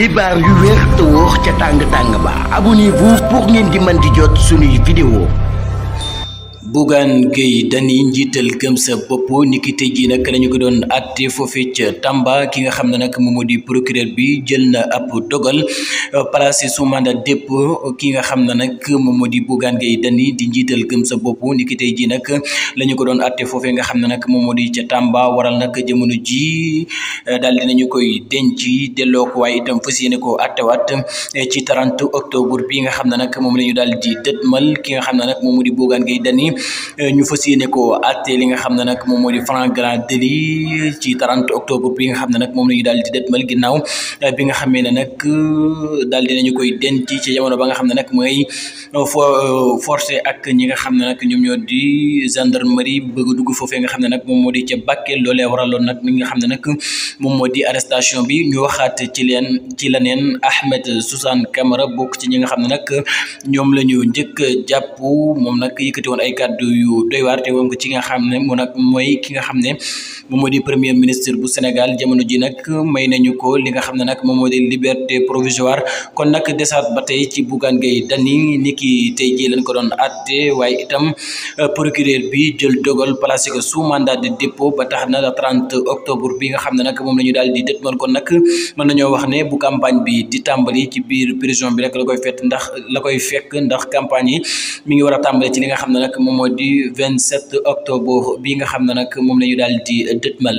xibaar yu wér te wóor ca tàng tàng ba abonnez-vous pour ngeen di mën di jot suñuy vidéo bugan Gueye Dany njital gëm sa bopp niki tey jii nag lañu ko don atté fofé ci Tamba ki nga xam nak nag moom procureur bi jël na ab dogal euh, placé sous mandat dépôt euh, ki nga xam nak nag moom moo di Bougane di njital gëm sa bopp niki tey jii nag lañu ko don atté fofé nga xam nak nag moom moo di Tamba waral nak jëmunu ji euh, dal dinañu koy denc delo ko way itam fas ko atté wat ci 30 octobre bi nga xam nak mom lañu dal di deutmal ki nga xam nak nag moom moo di Bougane Euh, ñu fas yéene ko àtte li nga xam ne nag moom moo di flagrant délit ci 30 octobre bi nga xam ne nag moom la ñu daal di dëtmal ginnaaw euh, bi nga xamee ne nag euh, daal dinañu koy denc ci jamono ba nga xam ne nag mooy forcé ak ñi nga xam ne nag ñoom ñoo di gendarmerie bëgg a dugg foofee nga xam ne nag moom moo di ca Bakel loolee waraloon nag li nga xam ne nag moom moo di arrestation bi ñu waxaat ci leen ci la neen Ahmed Suzanne Camara bokk ci ñi nga xam ne nag ñoom la ñu njëkk jàpp moom nag yëkkati woon ay kàddu kaddu yu doy war te woon ko ci nga xamne mo nak moy ki nga xamne mo modi premier ministre bu senegal jamono ji nak may nañu ko li nga xamne nak mo modi liberté provisoire kon nak desaat batay ci bougan gay dani niki tay ji lañ ko don atté way itam euh, procureur bi jël dogal placé ko sous mandat de dépôt ba tax na le 30 octobre bi nga xamne nak mom lañu la ñu daal di kon nak man nañu wax ne bu campagne bi di tambali ci biir prison bi rek la koy fet ndax la koy fekk ndax campagne yi mi ngi wara tambali ci li nga xamne nak mom moo di 27 octobre bi nga xam ne nag moom la ñu daal di dëtmal